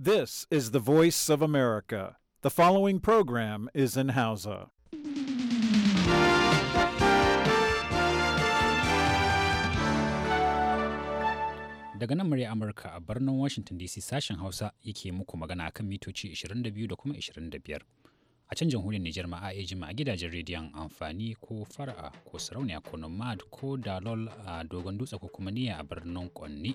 This is the voice of America. The following program is in Hausa. Daga nan murya Amurka a birnin Washington DC sashen Hausa yake muku magana kan mitoci 22 da kuma 25. A can jamhuriyar Nijar ma a a gidajen rediyon amfani ko fara'a ko sarauniya ko nomad ko dalol a dogon dutse ko kuma niyya a birnin Konni.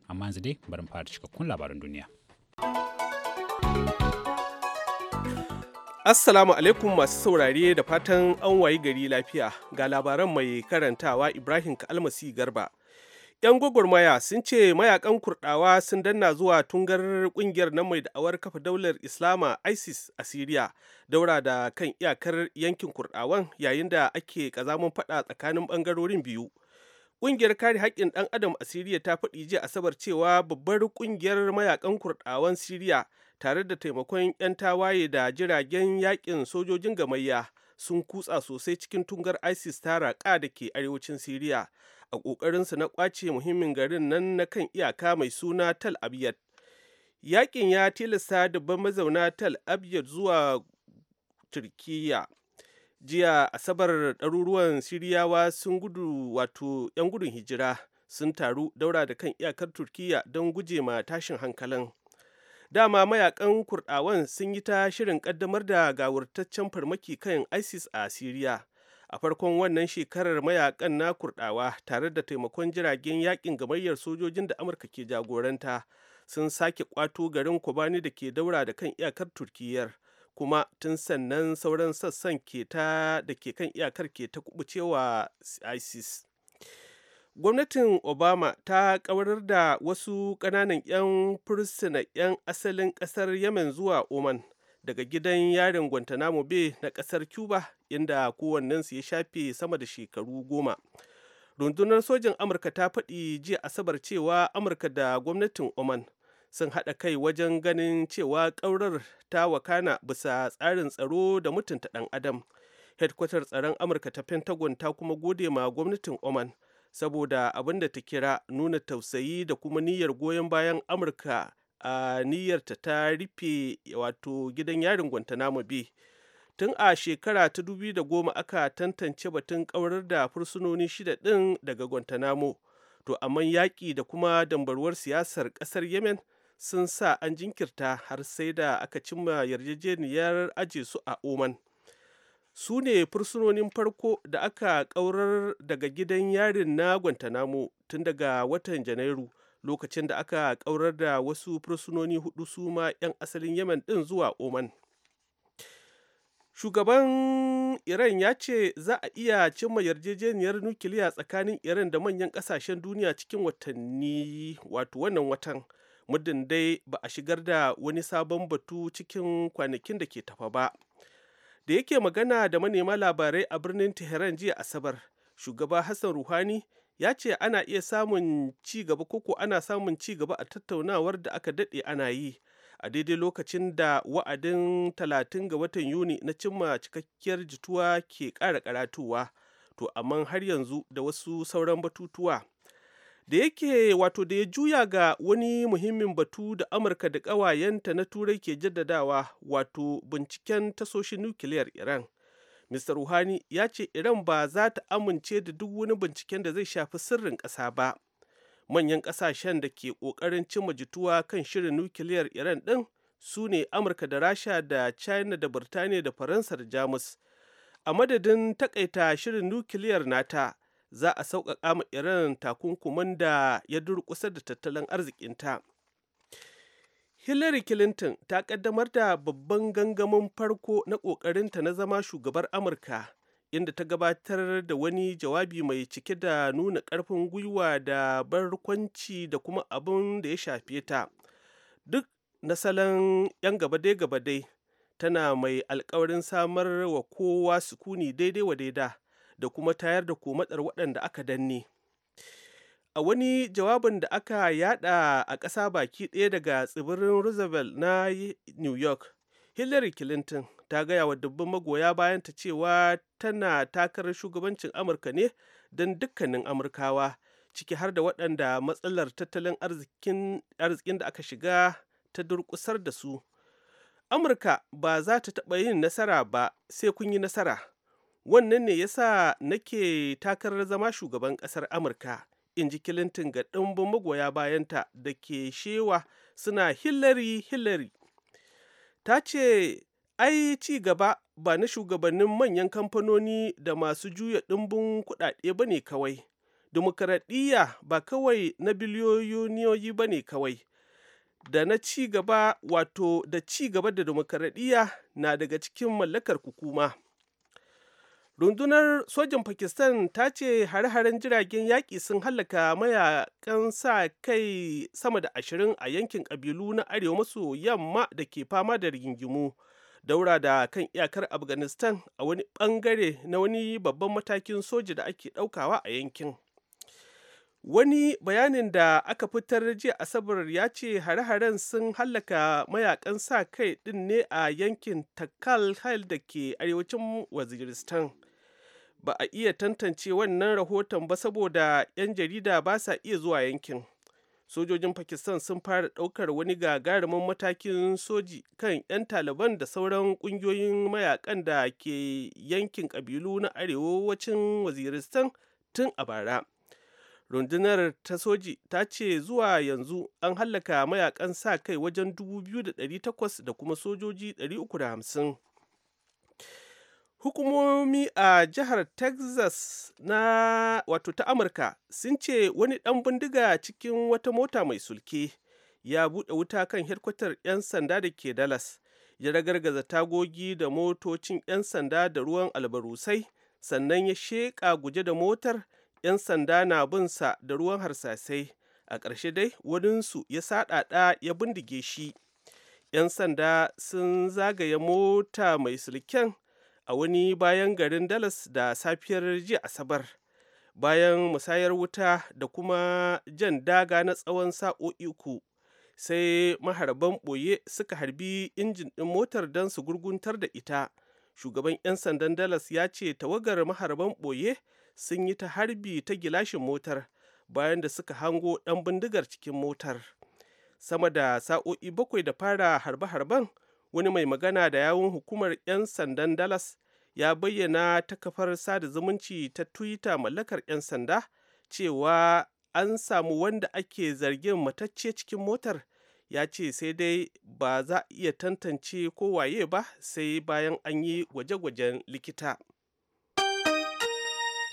amma yanzu dai bari fara cikakkun labaran duniya. Assalamu alaikum masu saurare da fatan an wayi gari lafiya ga labaran mai karantawa Ibrahim Kalmasi Garba. 'Yan gwagwarmaya sun ce mayakan kurdawa sun danna zuwa tungar kungiyar na mai da'awar kafa daular Islama ISIS a Siriya daura da kan iyakar yankin kurdawan yayin da ake ƙazamin fada tsakanin ɓangarorin biyu. Ƙungiyar kare haƙƙin ɗan adam a Siriya ta faɗi jiya Asabar cewa babbar ƙungiyar mayakan Kurɗawan Siriya tare da taimakon 'yan tawaye da jiragen yaƙin sojojin gamayya sun kutsa sosai cikin tungar ISIS ta raƙa da ke arewacin Siriya a ƙoƙarinsa na ƙwace muhimmin garin nan na kan iyaka mai suna Tal Abyad. Yaƙin ya tilasta dubban mazauna Tal Abyad zuwa Turkiyya jiya asabar ɗaruruwan siriyawa sun gudu wato 'yan gudun hijira sun taru daura da kan iyakar turkiya don guje ma tashin hankalin dama mayakan Kurɗawan sun yi ta shirin kaddamar da gawurtaccen farmaki kan isis a siriya a farkon wannan shekarar mayakan na Kurɗawa, tare da taimakon jiragen yakin gamayyar sojojin da amurka ke jagoranta sun sake kwato garin kobani da ke daura da kan iyakar turkiyyar kuma tun sannan sauran sassan keta da ke kan iyakar ke ta kubucewa isis gwamnatin obama ta kawarar da wasu kananan 'yan fursuna 'yan asalin kasar yemen zuwa oman daga gidan yarin guantanamo bay na kasar cuba inda kowannensu ya shafe sama da shekaru goma rundunar sojin amurka ta faɗi jiya asabar cewa amurka da gwamnatin oman sun haɗa kai wajen ganin cewa ƙaurar ta wakana bisa tsarin tsaro da mutunta ɗan adam hedkwatar tsaron amurka ta pentagon ta kuma gode ma gwamnatin oman saboda abin da ta kira nuna tausayi da kuma niyyar goyon bayan amurka a niyyarta ta rufe wato gidan yarin guantanamo bi tun a shekara ta dubi da goma aka tantance batun kaurar da fursunoni shida ɗin daga guantanamo to amman yaƙi da kuma dambarwar siyasar ƙasar yemen sun sa an jinkirta har sai da aka cimma yarjejeniyar aje su a oman su ne fursunonin farko da aka kaurar daga gidan yarin na guantanamo tun daga watan janairu lokacin da aka kaurar da wasu fursunoni hudu su ma 'yan asalin yemen din zuwa oman shugaban iran ya ce za a iya cimma yarjejeniyar nukiliya tsakanin iran da manyan kasashen duniya cikin watanni wato wannan watan muddin dai ba a shigar da wani sabon batu cikin kwanakin da ke tafa ba da yake magana da manema labarai a birnin tehran jiya asabar shugaba hassan ruhani ya ce ana iya samun ci gaba koko ana samun ci gaba a tattaunawar da aka daɗe ana yi a daidai lokacin da wa'adin 30 ga watan yuni na cimma cikakkiyar jituwa ke ƙara karatuwa to amma har yanzu da wasu sauran batutuwa da yake wato da ya juya ga wani muhimmin batu da amurka da ƙawayenta na turai ke jaddadawa wato binciken tasoshin nukiliyar iran mr ruhani ya ce iran ba za ta amince da duk wani binciken da zai shafi sirrin ƙasa ba manyan ƙasashen da ke ƙoƙarin cimma jituwa kan shirin nukiliyar iran ɗin su ne amurka da rasha da china da birtaniya da faransa da jamus a madadin takaita shirin nukiliyar nata za a sauƙaƙa ma irin takunkuman da ya durƙusa da tattalin arzikinta hillary clinton ta ƙaddamar da babban gangamin farko na ƙoƙarinta na zama shugabar amurka inda ta gabatar da wani jawabi mai cike da nuna ƙarfin gwiwa da barkwanci da kuma abin da ya shafe ta duk na salon 'yan gabadai-gabadai tana mai alkawarin samar wa kowa sukuni daidai wa daida da kuma tayar da komatsar waɗanda aka danne a wani jawabin da aka yada a ƙasa baki ɗaya daga tsibirin roosevelt na new york hillary clinton ta gaya wa dubban magoya bayanta cewa tana takarar shugabancin amurka ne don dukkanin amurkawa ciki har da waɗanda matsalar tattalin arzikin da aka shiga ta durƙusar da su amurka ba za ta taɓa yin nasara ba sai kun yi nasara wannan ne yasa nake takarar zama shugaban ƙasar amurka in ji clinton ga ɗimbin magoya bayanta da ke shewa suna hillary hillary ta ce ai ci gaba ba na shugabannin manyan kamfanoni da masu juya ɗimbin kuɗaɗe ba ne kawai dimokuraɗiyya ba kawai na biliyoyi ba ne kawai da na ci gaba wato da ci gaba da dimokuraɗiyya na daga cikin mallakar hukuma. rundunar sojin pakistan ta ce hare-haren jiragen yaƙi sun hallaka mayakan sa kai sama da ashirin a yankin ƙabilu na arewa maso yamma da ke fama da rigingimu daura da kan iyakar afghanistan a wani ɓangare na wani babban matakin soja da ake ɗaukawa a yankin Wani bayanin da aka fitar jiya Asabar ya ce hare-haren sun hallaka mayakan sa kai din ne a yankin takal Hal da ke arewacin Waziristan. Ba a iya tantance wannan rahoton ba saboda 'yan jarida ba sa iya zuwa yankin. Sojojin Pakistan sun fara daukar wani gagarumin matakin soji kan 'yan Taliban da sauran kungiyoyin mayakan da ke yankin ƙabilu na arewacin Waziristan tun a bara. rundunar ta soji ta ce zuwa yanzu an hallaka mayakan sa kai wajen 2,800 da kuma sojoji 350 hukumomi a jihar texas na wato ta amurka sun ce wani dan bindiga cikin wata mota mai sulke ya buɗe wuta kan hirkwatar 'yan sanda da ke dallas ya ragargaza tagogi da motocin 'yan sanda da ruwan albarusai sannan ya sheƙa guje da motar 'yan sanda na bin sa da ruwan harsasai a ƙarshe dai waninsu ya saɗaɗa ya bindige shi 'yan sanda sun zagaye mota mai sulken. a wani bayan garin dalas da safiyar jiya asabar bayan musayar wuta da kuma jan daga na tsawon sa'o'i uku sai maharban ɓoye suka harbi injin ɗin motar don su gurguntar da ita shugaban 'yan sandan dalas ya ce tawagar maharban ɓoye sun yi ta harbi ta gilashin motar bayan da suka hango ɗan bindigar cikin motar sama da sa'o'i bakwai da fara harbe-harben wani mai magana da yawun hukumar 'yan sandan dallas ya bayyana ta kafar sada zumunci ta twitter mallakar 'yan sanda cewa an samu wanda ake zargin matacce cikin motar ya ce sai dai ba za a iya tantance ko waye ba sai bayan an yi gwaje-gwajen likita.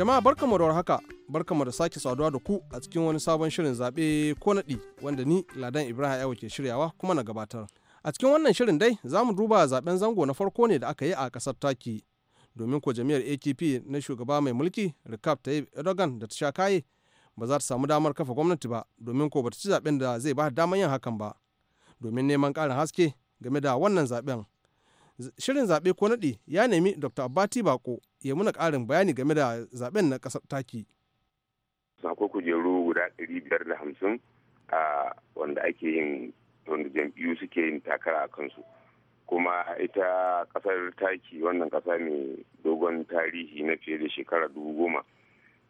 Jama'a barkamu da haka barkamu da sake saduwa da ku a cikin wani sabon shirin zaɓe ko naɗi wanda ni Ladan Ibrahim Ayo ke shiryawa kuma na gabatar. A cikin wannan shirin dai zamu mu duba zaɓen zango na farko ne da aka yi a kasar Taki domin ko jami'ar atp na shugaba mai mulki rikab Tayyip Erdogan da ta sha kaye ba za ta samu damar kafa gwamnati ba domin ko bata ci zaɓen da zai ba damar yin hakan ba domin neman ƙarin haske game da wannan zaɓen. Shirin zaɓe ko naɗi ya nemi Dr. Abbati Bako ya muna ƙarin bayani game da zaben na ƙasar taki. Sako kujeru guda ɗari biyar da hamsin a wanda ake yin wanda jam'iyyu suke yin takara a kansu. Kuma ita ƙasar taki wannan ƙasa mai dogon tarihi na fiye da shekara dubu goma.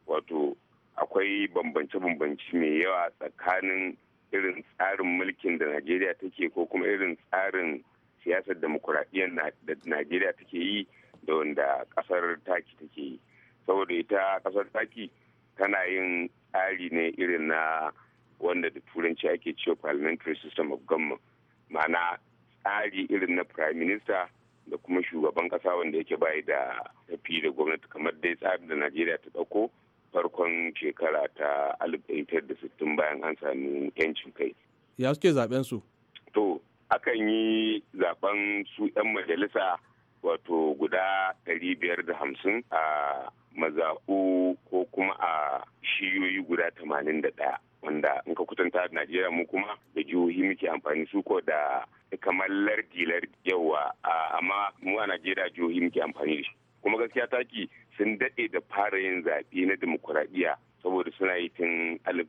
Wato akwai bambance bambanci mai yawa tsakanin irin tsarin mulkin da Najeriya take ko kuma irin tsarin siyasar demokuraɗiyyar da Najeriya take yi da wanda kasar taki take yi saboda ita kasar taki tana yin tsari ne irin na wanda da turanci ake cewa parliamentary system of government ma'ana tsari irin na prime minister da kuma shugaban kasa wanda yake bayi da tafi da gwamnati kamar dai tsarin da najeriya ta dauko farkon shekara ta 1960 bayan an sami yancin kai ya suke zaben su to akan yi zaben su 'yan majalisa wato guda biyar da hamsin a mazaɓu ko kuma a shiyoyi guda tamanin da ɗaya wanda in ka kutanta da najeriya mu kuma da jihohi muke amfani su ko da kamar lardi lardi yawa amma mu a najeriya jihohi muke amfani da shi kuma gaskiya taki sun daɗe da fara yin zaɓe na demokuraɗiyya saboda suna yi tun alif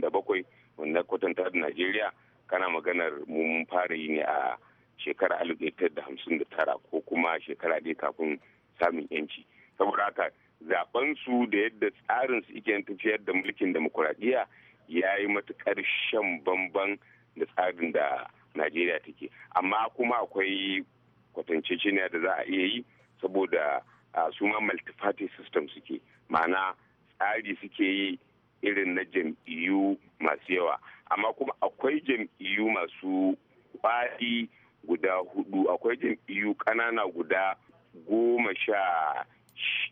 da bakwai wanda kwatanta da najeriya kana maganar mun fara yi ne a shekara alif da hamsin da tara ko kuma shekara ɗaya kafin samun yanci saboda haka zaben su da yadda tsarin su ike tafiyar da mulkin demokuraɗiyya ya yi matukar shan bamban da tsarin da najeriya take amma kuma akwai kwatance cina da za a iya yi saboda su ma party system suke ma'ana tsari suke yi irin na jam'iyyu masu yawa amma kuma akwai jam'iyyu masu kwari guda hudu akwai jam'iyyu ƙanana guda goma sha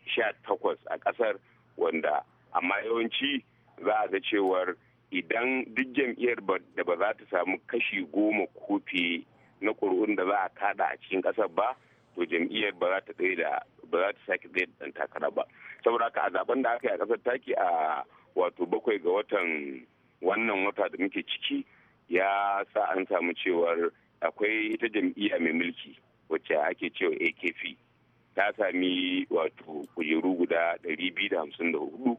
sha takwas a ƙasar wanda amma yawanci za a ga cewar idan duk jam'iyyar da ba za ta samu kashi goma kofi na ƙuri'un da za a kada a cikin ƙasar ba to jam'iyyar ba za ta tsaye da ba za ta sake tsaye da ɗan takara ba saboda haka a zaben da aka yi a ƙasar taki a wato bakwai ga watan wannan wata da muke ciki ya sa an samu cewar akwai ita jam'iyya mai mulki wacce ake cewa akp ta sami wato kujeru guda 254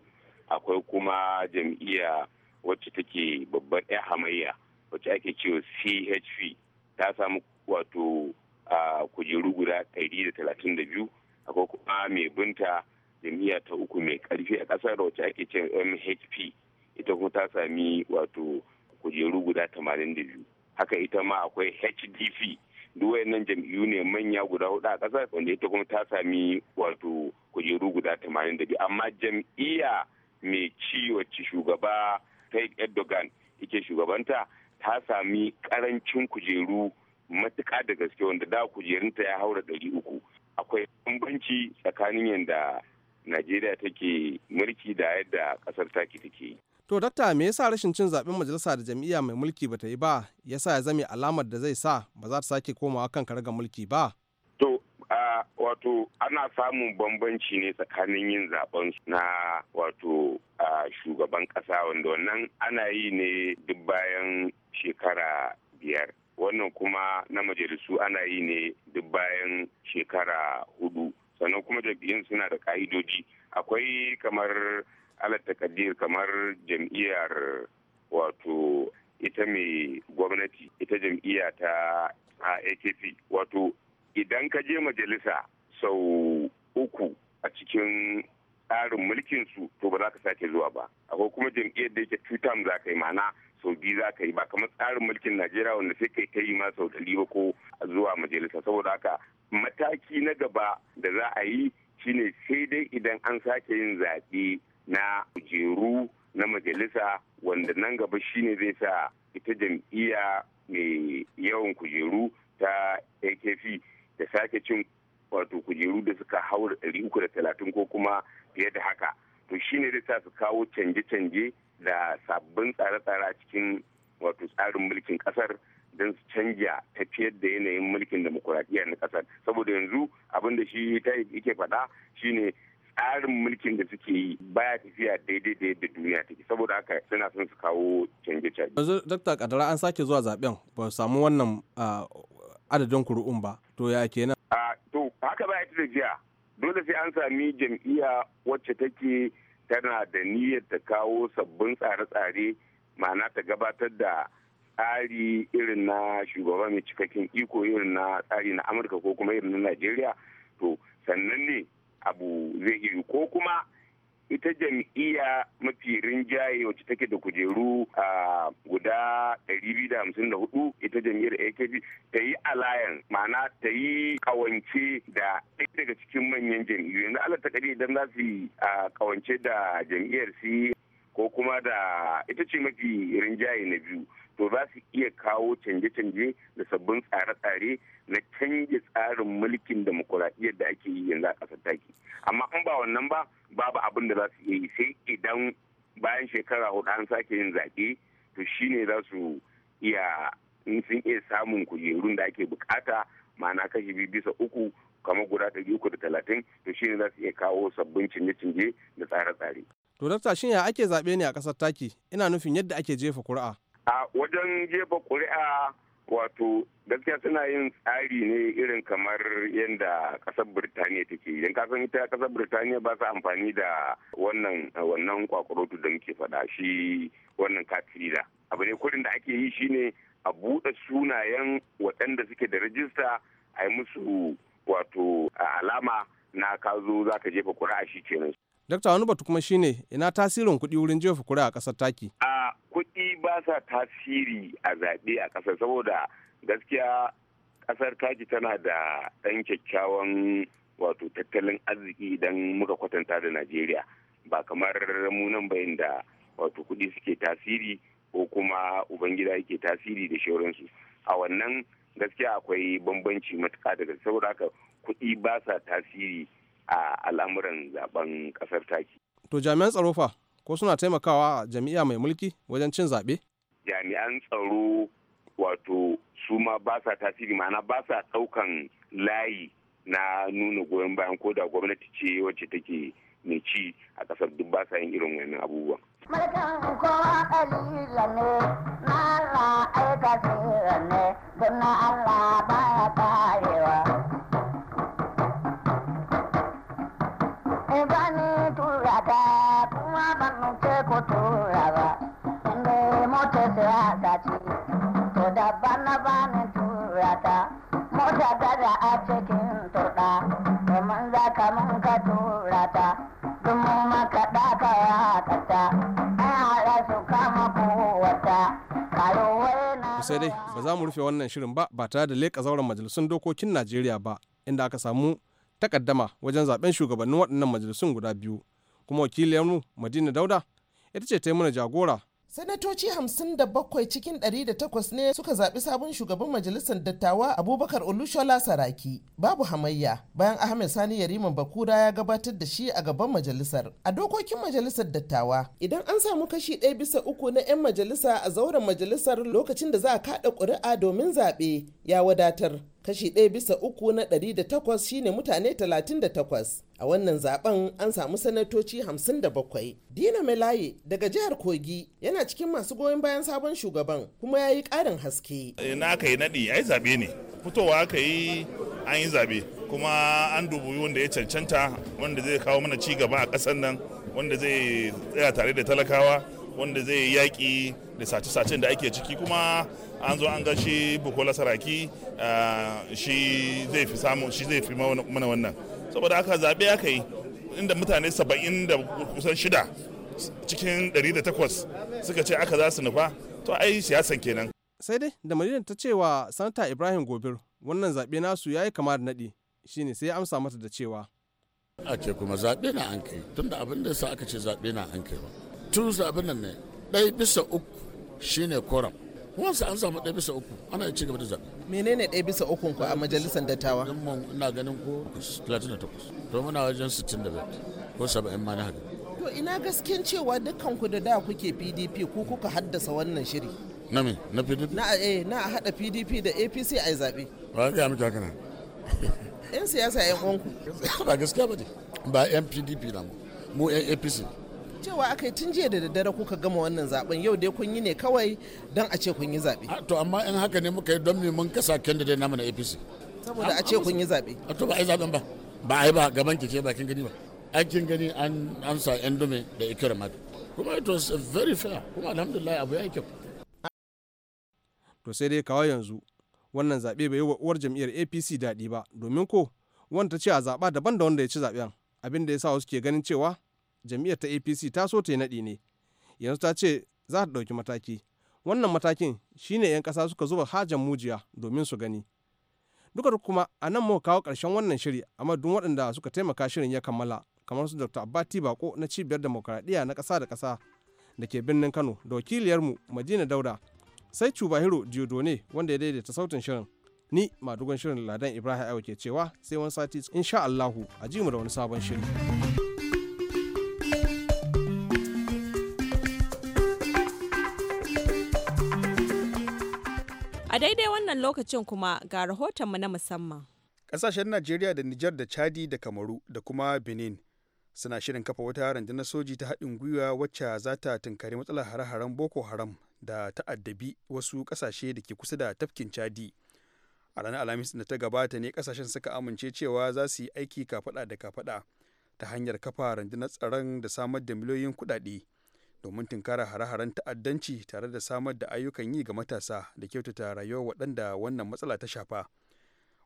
akwai kuma jam'iyya wacce take babbar 'yan hamayya wacce ake cewa chp ta samu wato kujeru guda 132 akwai kuma mai binta jam'iyya ta uku mai karfi a kasar wacce ake cewa mhp ita kuma ta sami wato kujeru guda 82 haka ita ma akwai hdp duk wayannan jam'iyyu ne manya guda hudu a ƙasar wanda ita kuma ta sami wato kujeru guda tamanin da biyu amma jam'iyya mai ci wacce shugaba tayyip erdogan yake shugabanta ta sami karancin kujeru matuƙa da gaske wanda da kujerunta ya haura ɗari uku akwai bambanci tsakanin yadda najeriya take mulki da yadda ƙasar taki take To dakta me yasa rashin cin zaben majalisa da jam'iyya mai mulki bata yi ba yasa ya zame alamar da zai sa ba za ta sake komawa kan karga mulki ba? To Uh, wato ana samun bambanci ne tsakanin yin zaben na wato uh, shugaban kasa wanda wannan ana yi ne duk bayan shekara biyar wannan kuma na majalisu ana yi ne duk bayan shekara hudu sannan kuma jam'iyyun suna da ka'idoji akwai kamar halarta takadir kamar jam'iyyar wato ita mai gwamnati ita jam'iyya ta akp wato idan ka je majalisa sau uku a cikin tsarin mulkin su to ba za ka sake zuwa ba akwai kuma jam'iyyar da yake two term za ka yi mana sau biyu za ka yi ba kamar tsarin mulkin najeriya wanda sai kai ta yi ma sau ɗari ba ko zuwa majalisa saboda haka mataki na gaba da za a yi shine sai dai idan an sake yin zaɓe na kujeru na majalisa wanda nan gaba shine zai sa ita jam'iyya mai yawan kujeru ta akp da sake cin wato kujeru da suka hau uku da talatin ko kuma fiye da haka to shine zai sa su kawo canje-canje da sabbin tsare-tsare a cikin wato tsarin mulkin kasar don su canja tafiyar da yanayin mulkin demokuraɗiyya na kasar saboda yanzu abin da shi ta yake faɗa shine tsarin mulkin da suke yi baya tafiya daidai da yadda duniya take saboda haka suna son su kawo canje-canje. yanzu dakta kadara an sake zuwa zaben ba samu wannan adadin kuri'un ba to ya kenan. to haka ba ta jiya dole sai an sami jam'iyya wacce take tana da niyyar ta kawo sabbin tsare-tsare ma'ana ta gabatar da tsari irin na shugaba mai cikakken iko irin na tsari na amurka ko kuma irin na najeriya to sannan ne abu zai yi ko kuma ita jam'iyya mafi rinjaye wacce take da kujeru a guda 254 ita jam'iyyar akp ta yi alayan ma'ana ta yi kawance da ɗaya daga cikin manyan jam'iyyu yanzu ala ta idan za su kawance da jam'iyyar si ko kuma da ita ce mafi rinjaye na biyu to za su iya kawo canje-canje da sabbin tsare-tsare na canje tsarin mulkin demokuraɗiyyar da ake yi yanzu a ƙasar taki amma in ba wannan ba babu abin da za su iya yi sai idan bayan shekara hudu an sake yin zaɓe to shine za su iya in sun iya samun kujerun da ake bukata ma'ana kashi biyu bisa uku kamar guda ɗari uku da talatin to shine za su iya kawo sabbin canje-canje da tsare-tsare. To dakta shin ya ake zaɓe ne a ƙasar taki ina nufin yadda ake jefa kuri'a. a wajen jefa ƙuri'a wato gaskiya suna yin tsari ne irin kamar yadda kasar birtaniya take idan ka san ita kasar birtaniya ba su amfani da wannan wannan kwakwarotu da muke faɗa shi wannan katrina abu ne kurin da ake yi shine a buɗe sunayen waɗanda suke da rajista a yi musu wato alama na ka zo za ka jefa ƙuri'a shi kenan Dr. Wani Batu kuma shine ina tasirin kuɗi wurin jefa kura a ƙasar taki. A kuɗi ba sa tasiri a zaɓe a ƙasar saboda gaskiya kasar taki tana da ɗan kyakkyawan wato tattalin arziki idan muka kwatanta da Najeriya ba kamar munan bayan da wato kuɗi suke tasiri ko kuma ubangida yake tasiri da shauransu a wannan gaskiya akwai bambanci matuƙa daga saboda haka kuɗi ba sa tasiri a al'amuran zaben kasar taki. To jami'an tsaro fa ko suna taimakawa jami'a mai mulki wajen cin zaɓe? Jami'an tsaro wato su ma ba sa tasiri ma'ana ba sa ɗaukan layi na nuna goyon bayan ko da gwamnati ce wacce take mai ci a kasar duk ba sa yin irin wannan abubuwan. Mulkin kowa ne, na Allah ne, don Allah baya karewa. ta ya ce to daban na bani turata mota da a cikin turɗa domin za ka mun ka turata duk mun maka ɗaka ya ta an haɗa su kama kowata sai dai ba za mu rufe wannan shirin ba ba tare da leƙa zauren majalisun dokokin najeriya ba inda aka samu takaddama wajen zaben shugabannin waɗannan majalisun guda biyu kuma wakiliyarmu madina dauda ita ce ta yi mana jagora sanatoci hamsin da bakwai cikin ɗari da takwas ne suka zaɓi sabon shugaban majalisar dattawa abubakar olushola saraki babu hamayya bayan ahmed sani yariman bakura ya gabatar da shi a gaban majalisar a dokokin majalisar dattawa idan an samu kashi ɗaya bisa uku na 'yan majalisa a zauren majalisar lokacin da za a kaɗa ƙuri'a domin zaɓe ya wadatar kashi ɗaya bisa uku na ɗari da takwas shine mutane talatin da takwas a wannan zaben an samu sanatoci hamsin da bakwai dina melaye daga jihar kogi yana cikin masu goyon bayan sabon shugaban kuma ya yi ƙarin haske eh, na aka yi naɗi ya yi zaɓe ne fitowa aka yi an yi zaɓe kuma an dubu wanda ya cancanta wanda zai kawo mana ci gaba a ƙasar nan wanda zai tsaya tare da talakawa wanda zai yi yaƙi da sace-sacen da ake ciki kuma an zo an ga shi bukola saraki ah, shi zai fi samu shi zai fi mana wannan saboda haka zaɓe aka yi inda mutane saba'in da kusan shida cikin 108 suka ce aka za su nufa to ai siyasan kenan sai dai da madina ta cewa sanata ibrahim gobir wannan zaɓe nasu ya yi kama da naɗi shine sai ya amsa mata da cewa a ce kuma zaɓe na an kai tunda abin da sa aka ce zaɓe na an kai ba two abin nan ne ɗaya bisa uku shine koram wansa an samu ɗaya bisa uku ana ci gaba da zaɓe. menene ɗaya bisa uku ku a majalisar dattawa ina ganin ko 38 to muna wajen 65 ko 70 ma na haka to ina gasken cewa dukkan ku da da kuke pdp ku kuka haddasa wannan shiri na me na pdp na eh na hada pdp da apc a yi zaɓe ba ga miki haka nan yan siyasa yan uwanku ba gaskiya ba ne ba yan pdp na mu mu yan apc cewa aka yi tun jiya da daddare kuka gama wannan zaben yau dai kun yi ne kawai don a ce kun yi zaɓe. Ah, to amma in haka ne muka yi don me mun kasa candidate namu na apc. saboda a ce kun yi zaɓe. a ah, to ba a yi zaɓen ba ba a yi ba gaban keke ba kin gani ba a kin gani an amsa yan dume da ikirar mata kuma it was very fair kuma alhamdulillah abu ya yi kyau. to sai dai kawai yanzu wannan zaɓe bai yi wa uwar jam'iyyar apc daɗi ba domin ko wanda ta ce a zaɓa daban da wanda ya ci zaɓen abin da ya sa wasu ke ganin cewa jam'iyyar ta apc ta so ta yi naɗi ne yanzu ta ce za ta ɗauki mataki wannan matakin shine 'yan ƙasa suka zuba hajan mujiya domin su gani duka kuma a nan muka kawo ƙarshen wannan shiri a madun waɗanda suka taimaka shirin ya kammala kamar su dr abbati bako na cibiyar demokaradiyya na ƙasa da ƙasa da ke birnin kano da wakiliyarmu madina dauda sai cubahiro diodone wanda ya daidaita sautin shirin ni madugan shirin ladan ibrahim aiwa ke cewa sai wani sati insha allahu a ji mu da wani sabon shiri. daidai wannan lokacin kuma ga rahotonmu na musamman. Ƙasashen Najeriya da Nijar da Chadi da Kamaru da kuma Benin suna shirin kafa wata rundunar soji ta haɗin gwiwa wacce za ta tunkari matsalar hare-haren Boko Haram da ta'addabi wasu ƙasashe da ke kusa da tafkin Chadi. A ranar Alhamis da ta gabata ne ƙasashen suka amince cewa za su yi aiki kafaɗa da kafaɗa ta hanyar kafa rundunar tsaron da samar da miliyoyin kuɗaɗe. domin tunkara hare-haren ta'addanci tare da samar da ayyukan yi ga matasa da kyautata rayuwar waɗanda wannan matsala ta shafa.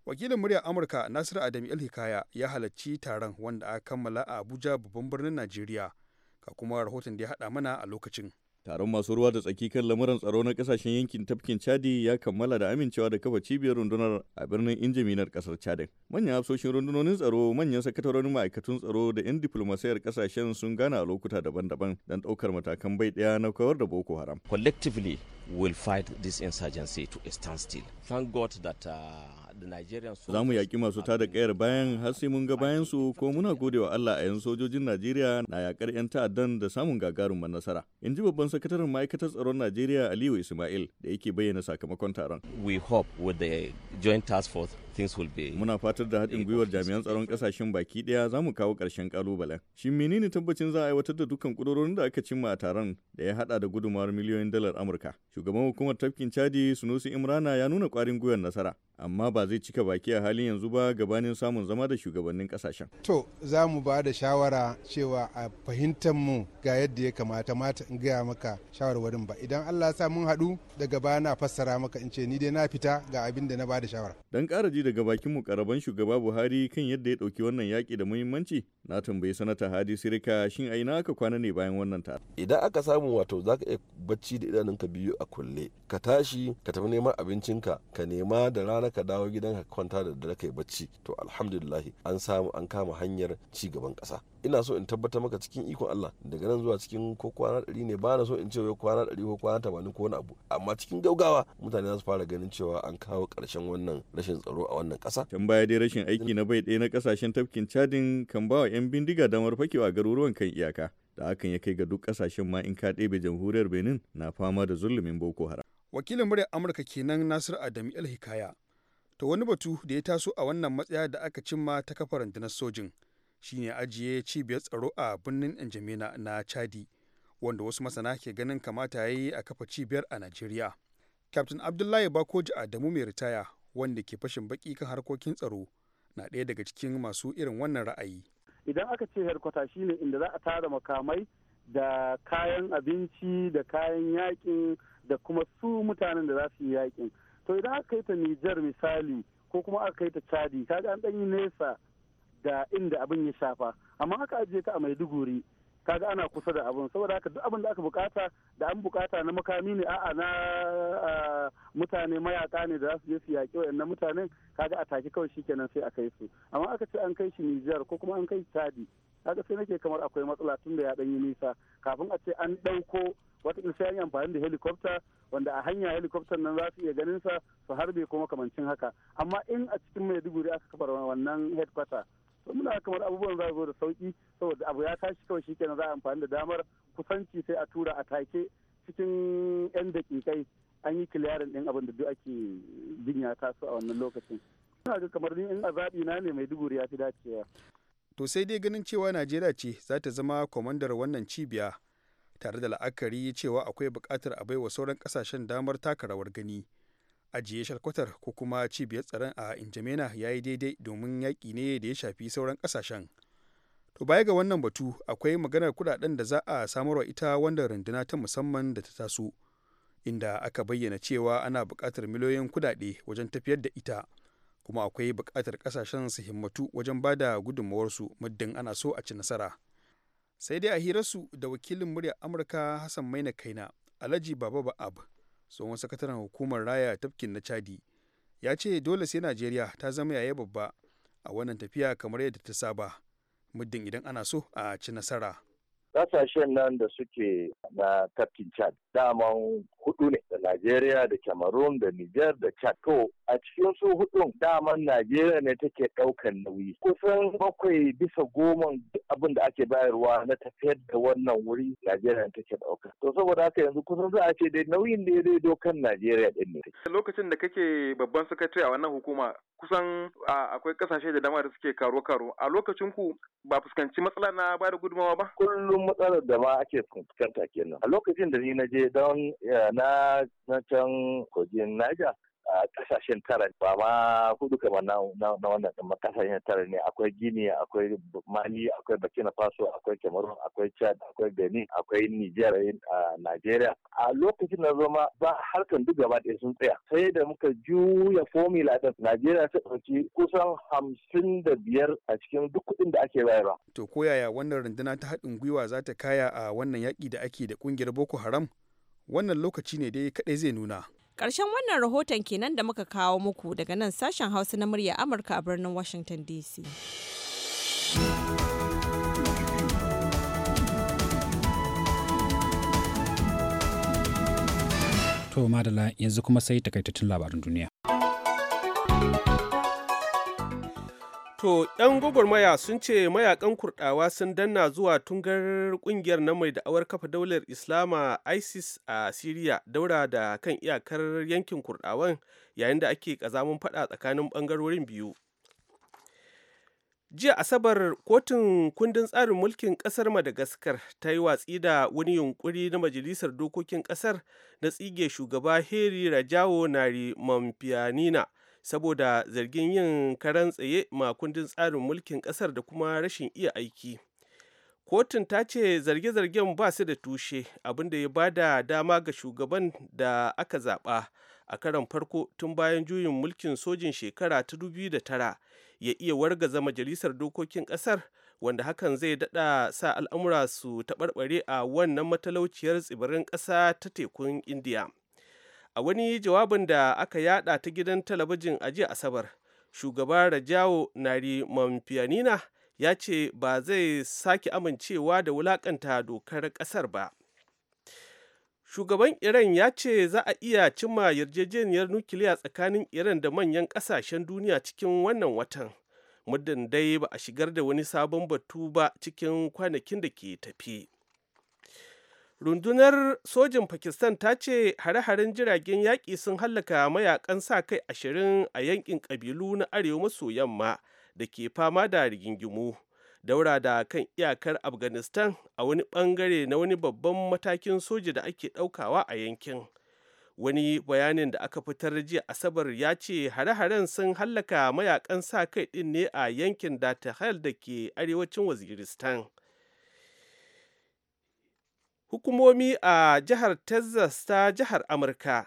Wakilin muryar Amurka Nasiru Adam Hikaya ya halarci taron wanda aka kammala a Abuja babban birnin Najeriya, ga kuma rahoton da ya haɗa mana a lokacin. Taron masu ruwa da tsaki kan lamuran tsaro na kasashen yankin tafkin Chadi ya kammala da amincewa da kafa cibiyar rundunar a birnin Injiminar kasar Chadin. Manyan hafsoshin rundunonin tsaro, manyan sakatarorin ma'aikatun tsaro da 'yan diflomasiyar kasashen sun gana a lokuta daban-daban don ɗaukar matakan bai ɗaya na kawar da Boko Haram. Collectively, will fight this insurgency to a standstill. Thank God that uh, da Nigerian Za mu yaƙi masu tada kayar bayan har sai mun ga bayan su ko muna gode wa Allah a yan sojojin Najeriya na yaƙar 'yan ta'addan da samun man nasara. In ji babban sakataren ma'aikatar tsaron Najeriya Aliyu Ismail da yake bayyana sakamakon taron. We hope with the joint task force things will be muna fatar da haɗin gwiwar jami'an tsaron kasashen baki ɗaya za mu kawo ƙarshen kalubalen shin menene tabbacin za a aiwatar da dukkan kudurorin da aka cimma a taron da ya haɗa da gudumar miliyoyin dalar amurka shugaban hukumar tafkin chadi sunusi imrana ya nuna ƙwarin gwiwar nasara amma ba zai cika baki a halin yanzu ba gabanin samun zama da shugabannin kasashen. To za mu ba da shawara cewa a fahimtar mu ga yadda ya kamata mata in gaya maka shawarwarin ba idan Allah sa mun haɗu daga baya na fassara maka in ce ni dai na fita ga abin da na ba da shawara. don ƙara ji daga bakin karaban shugaba Buhari kan yadda ya dauki wannan yaki da muhimmanci? Na tambayi sanata Hadi Sirika shin aina aka kwana ne bayan wannan ta. Idan aka samu wato zaka iya bacci da idanunka biyu a kulle, ka tashi ka tafi neman abincinka, ka nema da rana ka dawo gidan ka kwanta da dare kai bacci. To alhamdulillah an samu an kama hanyar ci gaban ƙasa. ina so in tabbatar maka cikin ikon Allah daga nan zuwa cikin ko kwana ɗari ne ba na so in ce wai kwana ɗari ko kwana tamanin ko wani abu amma cikin gaugawa mutane za su fara ganin cewa an kawo ƙarshen wannan rashin tsaro a wannan ƙasa. Can baya dai rashin aiki na bai ɗaya na ƙasashen tafkin cadin kan ba wa 'yan bindiga damar fakewa garuruwan kan iyaka da hakan ya kai ga duk ƙasashen ma in ka ɗebe jamhuriyar Benin na fama da zulumin Boko Haram. Wakilin muryar Amurka kenan Nasir adamu El Hikaya. To wani batu da ya taso a wannan matsaya da aka cimma ta kafa rundunar sojin. shine ajiye cibiyar tsaro a birnin N'Djamena na Chadi wanda wasu masana ke ganin kamata ya yi a kafa cibiyar a Najeriya. Captain Abdullahi Bakoji Adamu mai ritaya wanda ke fashin baki kan harkokin tsaro na ɗaya daga cikin masu irin wannan ra'ayi. Idan aka ce herkwata shine inda za a tara makamai da kayan abinci da kayan yakin da kuma su mutanen da za su yi yakin. To idan aka kai ta Nijar misali ko kuma aka kai ta Chadi kaga an ɗan yi nesa da inda abin ya shafa amma haka ajiye ka a maiduguri kaga ana kusa da abun saboda haka duk abin da aka bukata da an bukata na makami ne a'a na mutane mayaka ne da za su je su yaƙi na mutanen kaga a take kawai shikenan sai a kai su amma aka ce an kai shi Nijar ko kuma an kai Chadi kaga sai nake kamar akwai matsala tun da ya dan yi nisa kafin a ce an ɗauko wata sai an yi amfani da helicopter wanda a hanya helicopter nan za su iya ganin sa su harbe ko makamancin haka amma in a cikin Maiduguri aka kafa wannan headquarter to muna kamar abubuwan za zo da sauki saboda abu ya tashi kawai shikenan za a amfani da damar kusanci sai a tura a take cikin yan dakikai an yi kiliyarin din abin da duk ake jinya taso a wannan lokacin suna ga kamar ni in a na ne mai duguri ya fi dacewa to sai dai ganin cewa najeriya ce za ta zama kwamandar wannan cibiya tare da la'akari cewa akwai buƙatar a baiwa sauran ƙasashen damar taka rawar gani ajiye shalkwatar ko kuma cibiyar tsaron a injamena ya yi daidai domin yaƙi ne da ya shafi sauran ƙasashen to baya ga wannan batu akwai maganar kuɗaɗen da za a samarwa ita wanda runduna ta musamman da ta taso inda aka bayyana cewa ana buƙatar miliyoyin kuɗaɗe wajen tafiyar da ita kuma akwai buƙatar ƙasashen su himmatu wajen ba da su muddin ana so a ci nasara sai dai a hirarsu da wakilin murya amurka hassan maina kaina alhaji baba ba'ab tsohon sakataren hukumar raya tafkin na chadi ya ce dole sai najeriya ta zama yaya babba a wannan tafiya kamar yadda ta saba muddin idan ana so a ci nasara ƙasashen nan da suke na tafkin chad daman hudu ne Najeriya da Cameroon da Niger da Chad. To a cikin su hudun daman Najeriya ne take ɗaukan nauyi. Kusan bakwai bisa goma abin da ake bayarwa na tafiyar da wannan wuri Najeriya ne take dauka. To saboda haka yanzu kusan za a ce dai nauyin ne dai dokan Najeriya din ne. Lokacin da kake babban sakatare a wannan hukuma kusan akwai kasashe da dama da suke karo-karo a lokacin ku ba fuskanci matsala na ba da gudunmawa ba kullum matsalar da ma ake fuskanta kenan a lokacin da ni na je don eh, na na can kogin Niger a kasashen tara ba ma hudu kamar na wannan ɗin kasashen tara ne akwai gini akwai mali akwai burkina faso akwai cameroon akwai chad akwai benin akwai niger eh, a nigeria a lokacin na zama ba harkan duk gaba ɗaya sun tsaya sai da muka juya formula ta nigeria ta ɗauki kusan hamsin da biyar a cikin duk kuɗin da ake bayarwa. to ko yaya wannan runduna ta haɗin gwiwa za ta kaya a wannan yaƙi da ake da ƙungiyar boko haram. wannan lokaci ne dai kaɗai zai nuna. Ƙarshen wannan rahoton kenan da muka kawo muku daga nan sashen Hausa na murya Amurka a birnin Washington DC. To madala yanzu kuma sai takaitattun labarin duniya. To, 'yan gwagwarmaya sun ce mayakan kurɗawa sun danna zuwa tungar kungiyar na mai da'awar kafa daular Islama ISIS a Siriya daura da kan iyakar yankin kurdawan yayin da ake kazamin fada tsakanin ɓangarorin biyu. Jiya Asabar kotun kundin tsarin mulkin kasar Madagaskar ta yi watsi da wani yunkuri na majalisar dokokin ƙasar na tsige shugaba Heri Rajawo Nari Mampianina. saboda zargin yin karan tsaye ma kundin tsarin mulkin kasar da kuma rashin iya aiki kotun ta ce zarge-zargen ba su da tushe abinda ya bada dama ga shugaban da aka zaɓa a karan farko tun bayan juyin mulkin sojin shekara ta dubi da tara ya iya wargaza majalisar dokokin kasar wanda hakan zai dada sa al'amura su taɓarɓare a wannan matalauciyar tsibirin ƙasa ta tekun indiya a wani jawabin da aka yada ta gidan talabijin a jiya asabar shugaba rajawo nari mamfiyanina ya ce ba zai sake amincewa da wulakanta dokar kasar ba shugaban iran ya ce za a iya cimma yarjejeniyar nukiliya tsakanin iran da manyan kasashen duniya cikin wannan watan muddin dai ba a shigar da wani sabon batu ba cikin kwanakin da ke tafi rundunar sojin pakistan ta ce hare-haren jiragen yaƙi sun hallaka mayakan sa kai ashirin a yankin ƙabilu na arewa maso yamma da ke fama da rigingimu daura da kan iyakar afghanistan a wani bangare na wani babban matakin soja da ake ɗaukawa a yankin wani bayanin da aka fitar jiya asabar ya ce hare-haren sun hallaka mayakan sa kai ɗin ne a yankin da da ke arewacin waziristan hukumomi a jihar texas ta jihar amurka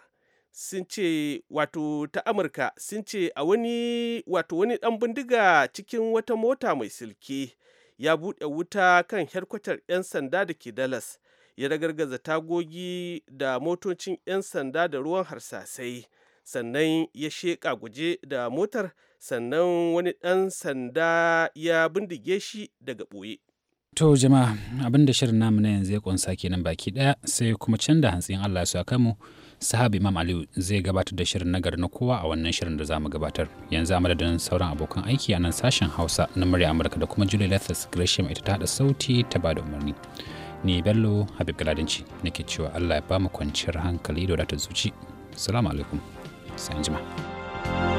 sun ce wato ta amurka sun ce a wani wato wani dan bindiga cikin wata mota mai silke ya buɗe wuta kan herkwatar 'yan sanda da ke dallas ya ragargaza tagogi da motocin 'yan sanda da ruwan harsasai sannan ya sheƙa guje da motar sannan wani ɗan sanda ya bindige shi daga ɓoye To jama'a abin da shirin namu na yanzu ya kunsa kenan baki daya sai kuma can da hantsin Allah su aka mu sahabi Imam Aliyu zai gabatar da shirin nagari na kowa a wannan shirin da zamu gabatar. Yanzu a madadin sauran abokan aiki a nan sashen Hausa na murya Amurka da kuma Julie Lethas Gresham ita ta hada sauti ta ba da umarni. Ni Bello Habib Galadinci nake cewa Allah ya mu kwanciyar hankali da wadatar zuci. Assalamu alaikum. Sai anjima.